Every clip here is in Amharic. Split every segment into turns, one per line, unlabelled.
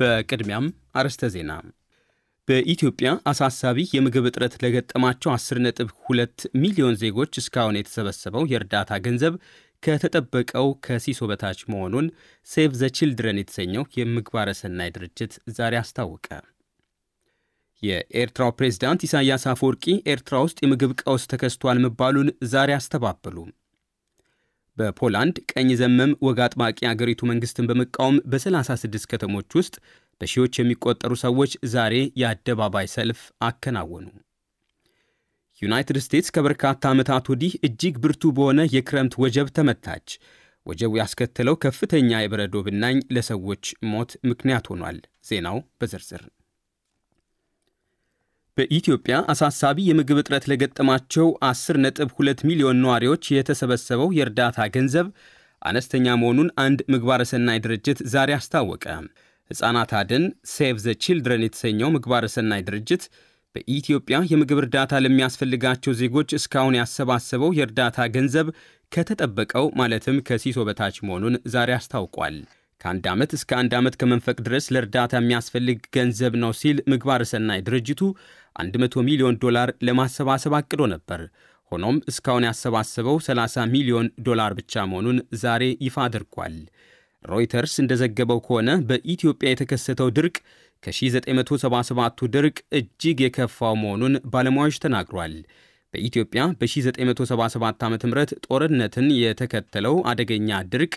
በቅድሚያም አርዕስተ ዜና። በኢትዮጵያ አሳሳቢ የምግብ እጥረት ለገጠማቸው 10.2 ሚሊዮን ዜጎች እስካሁን የተሰበሰበው የእርዳታ ገንዘብ ከተጠበቀው ከሲሶ በታች መሆኑን ሴቭ ዘ ችልድረን የተሰኘው የምግባረ ሰናይ ድርጅት ዛሬ አስታወቀ። የኤርትራው ፕሬዝዳንት ኢሳያስ አፈወርቂ ኤርትራ ውስጥ የምግብ ቀውስ ተከስቷል መባሉን ዛሬ አስተባበሉ። በፖላንድ ቀኝ ዘመም ወግ አጥባቂ አገሪቱ መንግስትን በመቃወም በ36 ከተሞች ውስጥ በሺዎች የሚቆጠሩ ሰዎች ዛሬ የአደባባይ ሰልፍ አከናወኑ። ዩናይትድ ስቴትስ ከበርካታ ዓመታት ወዲህ እጅግ ብርቱ በሆነ የክረምት ወጀብ ተመታች። ወጀቡ ያስከተለው ከፍተኛ የበረዶ ብናኝ ለሰዎች ሞት ምክንያት ሆኗል። ዜናው በዝርዝር በኢትዮጵያ አሳሳቢ የምግብ እጥረት ለገጠማቸው 10.2 ሚሊዮን ነዋሪዎች የተሰበሰበው የእርዳታ ገንዘብ አነስተኛ መሆኑን አንድ ምግባረ ሰናይ ድርጅት ዛሬ አስታወቀ። ሕፃናት አድን ሴቭ ዘ ቺልድረን የተሰኘው ምግባረ ሰናይ ድርጅት በኢትዮጵያ የምግብ እርዳታ ለሚያስፈልጋቸው ዜጎች እስካሁን ያሰባሰበው የእርዳታ ገንዘብ ከተጠበቀው ማለትም ከሲሶ በታች መሆኑን ዛሬ አስታውቋል። ከአንድ ዓመት እስከ አንድ ዓመት ከመንፈቅ ድረስ ለእርዳታ የሚያስፈልግ ገንዘብ ነው ሲል ምግባረ ሰናይ ድርጅቱ 100 ሚሊዮን ዶላር ለማሰባሰብ አቅዶ ነበር። ሆኖም እስካሁን ያሰባሰበው 30 ሚሊዮን ዶላር ብቻ መሆኑን ዛሬ ይፋ አድርጓል። ሮይተርስ እንደዘገበው ከሆነ በኢትዮጵያ የተከሰተው ድርቅ ከ1977ቱ ድርቅ እጅግ የከፋው መሆኑን ባለሙያዎች ተናግሯል። በኢትዮጵያ በ1977 ዓ ም ጦርነትን የተከተለው አደገኛ ድርቅ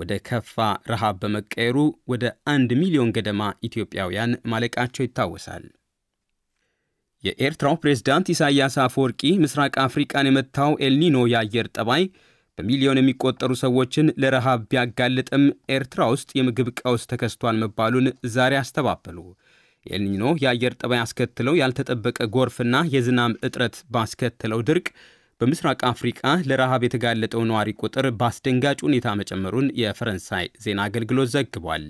ወደ ከፋ ረሃብ በመቀየሩ ወደ አንድ ሚሊዮን ገደማ ኢትዮጵያውያን ማለቃቸው ይታወሳል። የኤርትራው ፕሬዝዳንት ኢሳያስ አፈወርቂ ምስራቅ አፍሪቃን የመታው ኤልኒኖ የአየር ጠባይ በሚሊዮን የሚቆጠሩ ሰዎችን ለረሃብ ቢያጋልጥም ኤርትራ ውስጥ የምግብ ቀውስ ተከስቷል መባሉን ዛሬ አስተባበሉ። ኤልኒኖ የአየር ጠባይ አስከትለው ያልተጠበቀ ጎርፍና የዝናብ እጥረት ባስከተለው ድርቅ በምስራቅ አፍሪቃ ለረሃብ የተጋለጠው ነዋሪ ቁጥር በአስደንጋጭ ሁኔታ መጨመሩን የፈረንሳይ ዜና አገልግሎት ዘግቧል።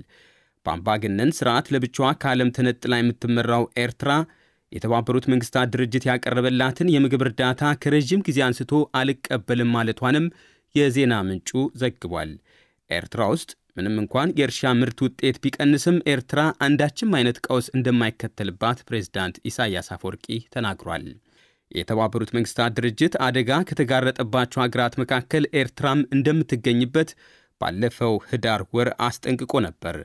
በአምባገነን ስርዓት ለብቻዋ ከዓለም ተነጥላ የምትመራው ኤርትራ የተባበሩት መንግስታት ድርጅት ያቀረበላትን የምግብ እርዳታ ከረዥም ጊዜ አንስቶ አልቀበልም ማለቷንም የዜና ምንጩ ዘግቧል። ኤርትራ ውስጥ ምንም እንኳን የእርሻ ምርት ውጤት ቢቀንስም ኤርትራ አንዳችም አይነት ቀውስ እንደማይከተልባት ፕሬዝዳንት ኢሳያስ አፈወርቂ ተናግሯል። የተባበሩት መንግስታት ድርጅት አደጋ ከተጋረጠባቸው ሀገራት መካከል ኤርትራም እንደምትገኝበት ባለፈው ህዳር ወር አስጠንቅቆ ነበር።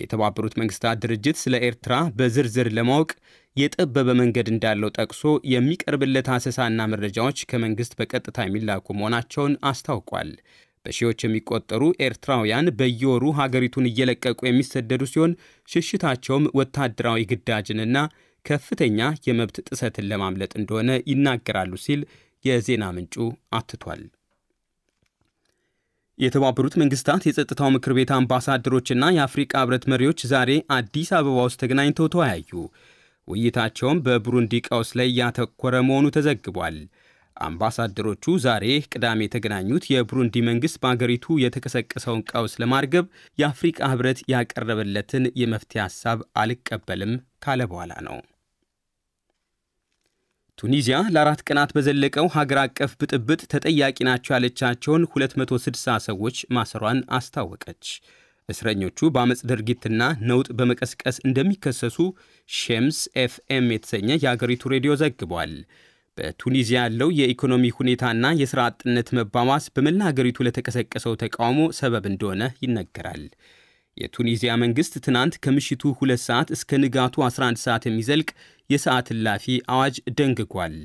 የተባበሩት መንግስታት ድርጅት ስለ ኤርትራ በዝርዝር ለማወቅ የጠበበ መንገድ እንዳለው ጠቅሶ የሚቀርብለት አሰሳና መረጃዎች ከመንግስት በቀጥታ የሚላኩ መሆናቸውን አስታውቋል። በሺዎች የሚቆጠሩ ኤርትራውያን በየወሩ ሀገሪቱን እየለቀቁ የሚሰደዱ ሲሆን ሽሽታቸውም ወታደራዊ ግዳጅንና ከፍተኛ የመብት ጥሰትን ለማምለጥ እንደሆነ ይናገራሉ ሲል የዜና ምንጩ አትቷል። የተባበሩት መንግስታት የጸጥታው ምክር ቤት አምባሳደሮችና የአፍሪቃ ህብረት መሪዎች ዛሬ አዲስ አበባ ውስጥ ተገናኝተው ተወያዩ። ውይይታቸውም በቡሩንዲ ቀውስ ላይ ያተኮረ መሆኑ ተዘግቧል። አምባሳደሮቹ ዛሬ ቅዳሜ የተገናኙት የቡሩንዲ መንግሥት በአገሪቱ የተቀሰቀሰውን ቀውስ ለማርገብ የአፍሪቃ ኅብረት ያቀረበለትን የመፍትሄ ሐሳብ አልቀበልም ካለ በኋላ ነው። ቱኒዚያ ለአራት ቀናት በዘለቀው ሀገር አቀፍ ብጥብጥ ተጠያቂ ናቸው ያለቻቸውን 260 ሰዎች ማሰሯን አስታወቀች። እስረኞቹ በአመፅ ድርጊትና ነውጥ በመቀስቀስ እንደሚከሰሱ ሼምስ ኤፍኤም የተሰኘ የአገሪቱ ሬዲዮ ዘግቧል። በቱኒዚያ ያለው የኢኮኖሚ ሁኔታና የሥራ አጥነት መባባስ በመላ አገሪቱ ለተቀሰቀሰው ተቃውሞ ሰበብ እንደሆነ ይነገራል። የቱኒዚያ መንግሥት ትናንት ከምሽቱ ሁለት ሰዓት እስከ ንጋቱ 11 ሰዓት የሚዘልቅ የሰዓት እላፊ አዋጅ ደንግጓል።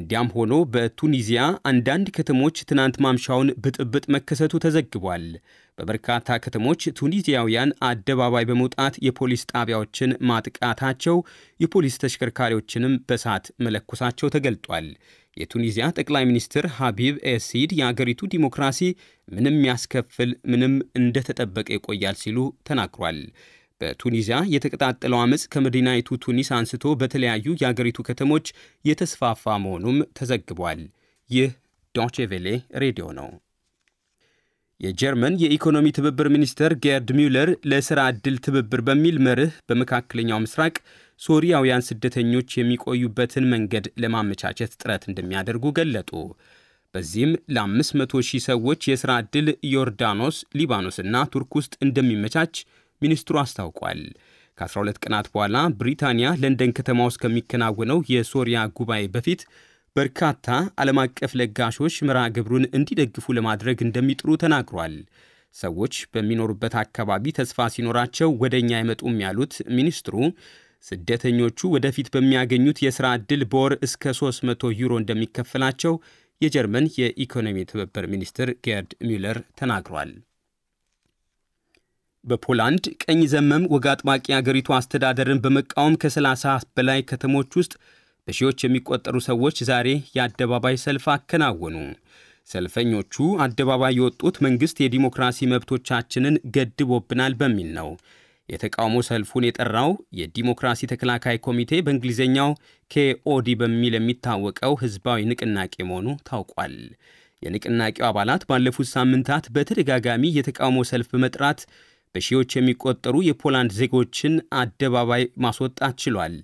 እንዲያም ሆኖ በቱኒዚያ አንዳንድ ከተሞች ትናንት ማምሻውን ብጥብጥ መከሰቱ ተዘግቧል። በበርካታ ከተሞች ቱኒዚያውያን አደባባይ በመውጣት የፖሊስ ጣቢያዎችን ማጥቃታቸው፣ የፖሊስ ተሽከርካሪዎችንም በሳት መለኮሳቸው ተገልጧል። የቱኒዚያ ጠቅላይ ሚኒስትር ሀቢብ ኤሲድ የአገሪቱ ዲሞክራሲ ምንም ያስከፍል ምንም እንደተጠበቀ ይቆያል ሲሉ ተናግሯል። በቱኒዚያ የተቀጣጠለው አመፅ ከመዲናይቱ ቱኒስ አንስቶ በተለያዩ የአገሪቱ ከተሞች የተስፋፋ መሆኑም ተዘግቧል። ይህ ዶቼቬሌ ሬዲዮ ነው። የጀርመን የኢኮኖሚ ትብብር ሚኒስትር ጌርድ ሚውለር ለሥራ ዕድል ትብብር በሚል መርህ በመካከለኛው ምስራቅ ሶሪያውያን ስደተኞች የሚቆዩበትን መንገድ ለማመቻቸት ጥረት እንደሚያደርጉ ገለጡ። በዚህም ለ500 ሺህ ሰዎች የሥራ ዕድል ዮርዳኖስ፣ ሊባኖስና ቱርክ ውስጥ እንደሚመቻች ሚኒስትሩ አስታውቋል። ከ12 ቀናት በኋላ ብሪታንያ ለንደን ከተማ ውስጥ ከሚከናወነው የሶሪያ ጉባኤ በፊት በርካታ ዓለም አቀፍ ለጋሾች መርሃ ግብሩን እንዲደግፉ ለማድረግ እንደሚጥሩ ተናግሯል። ሰዎች በሚኖሩበት አካባቢ ተስፋ ሲኖራቸው ወደ እኛ አይመጡም ያሉት ሚኒስትሩ ስደተኞቹ ወደፊት በሚያገኙት የሥራ ዕድል በወር እስከ 300 ዩሮ እንደሚከፈላቸው የጀርመን የኢኮኖሚ ትብብር ሚኒስትር ጌርድ ሚለር ተናግሯል። በፖላንድ ቀኝ ዘመም ወግ አጥባቂ አገሪቱ አስተዳደርን በመቃወም ከ30 በላይ ከተሞች ውስጥ በሺዎች የሚቆጠሩ ሰዎች ዛሬ የአደባባይ ሰልፍ አከናወኑ። ሰልፈኞቹ አደባባይ የወጡት መንግሥት የዲሞክራሲ መብቶቻችንን ገድቦብናል በሚል ነው። የተቃውሞ ሰልፉን የጠራው የዲሞክራሲ ተከላካይ ኮሚቴ በእንግሊዝኛው ኬኦዲ በሚል የሚታወቀው ሕዝባዊ ንቅናቄ መሆኑ ታውቋል። የንቅናቄው አባላት ባለፉት ሳምንታት በተደጋጋሚ የተቃውሞ ሰልፍ በመጥራት በሺዎች የሚቆጠሩ የፖላንድ ዜጎችን አደባባይ ማስወጣት ችሏል።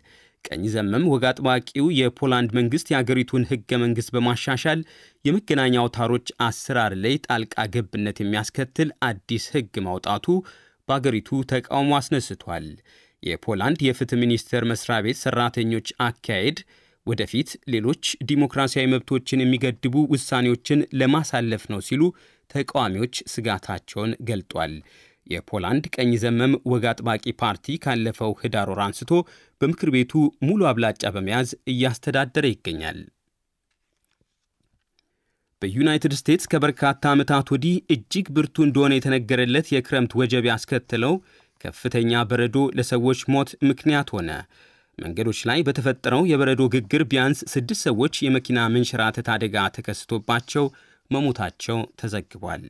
ቀኝ ዘመም ወግ አጥባቂው የፖላንድ መንግስት የአገሪቱን ህገ መንግስት በማሻሻል የመገናኛ አውታሮች አሰራር ላይ ጣልቃ ገብነት የሚያስከትል አዲስ ህግ ማውጣቱ በአገሪቱ ተቃውሞ አስነስቷል። የፖላንድ የፍትህ ሚኒስቴር መስሪያ ቤት ሰራተኞች አካሄድ ወደፊት ሌሎች ዲሞክራሲያዊ መብቶችን የሚገድቡ ውሳኔዎችን ለማሳለፍ ነው ሲሉ ተቃዋሚዎች ስጋታቸውን ገልጧል። የፖላንድ ቀኝ ዘመም ወግ አጥባቂ ፓርቲ ካለፈው ህዳር ወር አንስቶ በምክር ቤቱ ሙሉ አብላጫ በመያዝ እያስተዳደረ ይገኛል። በዩናይትድ ስቴትስ ከበርካታ ዓመታት ወዲህ እጅግ ብርቱ እንደሆነ የተነገረለት የክረምት ወጀብ ያስከተለው ከፍተኛ በረዶ ለሰዎች ሞት ምክንያት ሆነ። መንገዶች ላይ በተፈጠረው የበረዶ ግግር ቢያንስ ስድስት ሰዎች የመኪና መንሸራተት አደጋ ተከስቶባቸው መሞታቸው ተዘግቧል።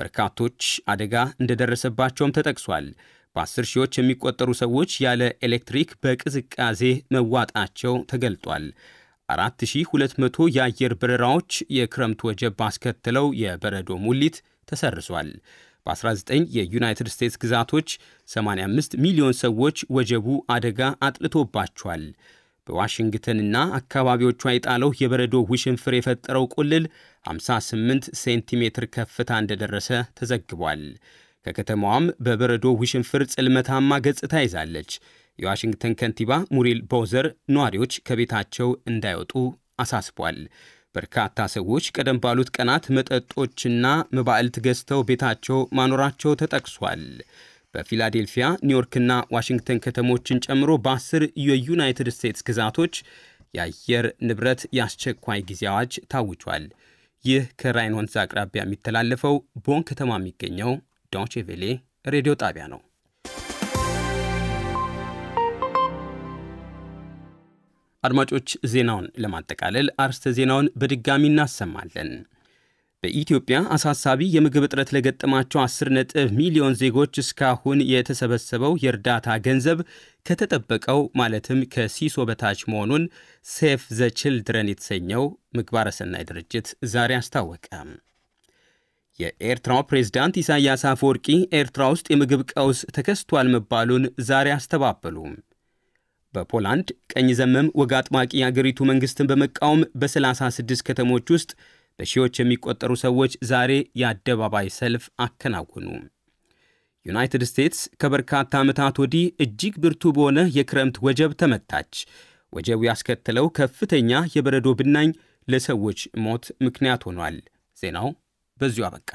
በርካቶች አደጋ እንደደረሰባቸውም ተጠቅሷል። በአስር ሺዎች የሚቆጠሩ ሰዎች ያለ ኤሌክትሪክ በቅዝቃዜ መዋጣቸው ተገልጧል። 4200 የአየር በረራዎች የክረምት ወጀብ ባስከትለው የበረዶ ሙሊት ተሰርሷል። በ19 የዩናይትድ ስቴትስ ግዛቶች 85 ሚሊዮን ሰዎች ወጀቡ አደጋ አጥልቶባቸዋል። በዋሽንግተንና አካባቢዎቿ የጣለው የበረዶ ውሽንፍር የፈጠረው ቁልል 58 ሴንቲሜትር ከፍታ እንደደረሰ ተዘግቧል። ከከተማዋም በበረዶ ውሽንፍር ጽልመታማ ገጽታ ይዛለች። የዋሽንግተን ከንቲባ ሙሪል ቦዘር ነዋሪዎች ከቤታቸው እንዳይወጡ አሳስቧል። በርካታ ሰዎች ቀደም ባሉት ቀናት መጠጦችና መባዕልት ገዝተው ቤታቸው ማኖራቸው ተጠቅሷል። በፊላዴልፊያ ኒውዮርክና ዋሽንግተን ከተሞችን ጨምሮ በአስር የዩናይትድ ስቴትስ ግዛቶች የአየር ንብረት የአስቸኳይ ጊዜ አዋጅ ታውጇል። ይህ ከራይን ወንዝ አቅራቢያ የሚተላለፈው ቦን ከተማ የሚገኘው ዶቼ ቬሌ ሬዲዮ ጣቢያ ነው። አድማጮች ዜናውን ለማጠቃለል አርስተ ዜናውን በድጋሚ እናሰማለን። በኢትዮጵያ አሳሳቢ የምግብ እጥረት ለገጠማቸው 10 ነጥብ ሚሊዮን ዜጎች እስካሁን የተሰበሰበው የእርዳታ ገንዘብ ከተጠበቀው ማለትም ከሲሶ በታች መሆኑን ሴፍ ዘ ችልድረን የተሰኘው ምግባረ ሰናይ ድርጅት ዛሬ አስታወቀ። የኤርትራው ፕሬዝዳንት ኢሳያስ አፈወርቂ ኤርትራ ውስጥ የምግብ ቀውስ ተከስቷል መባሉን ዛሬ አስተባበሉ። በፖላንድ ቀኝ ዘመም ወግ አጥባቂ የአገሪቱ መንግሥትን በመቃወም በ36 ከተሞች ውስጥ በሺዎች የሚቆጠሩ ሰዎች ዛሬ የአደባባይ ሰልፍ አከናወኑ። ዩናይትድ ስቴትስ ከበርካታ ዓመታት ወዲህ እጅግ ብርቱ በሆነ የክረምት ወጀብ ተመታች። ወጀቡ ያስከተለው ከፍተኛ የበረዶ ብናኝ ለሰዎች ሞት ምክንያት ሆኗል። ዜናው በዚሁ አበቃ።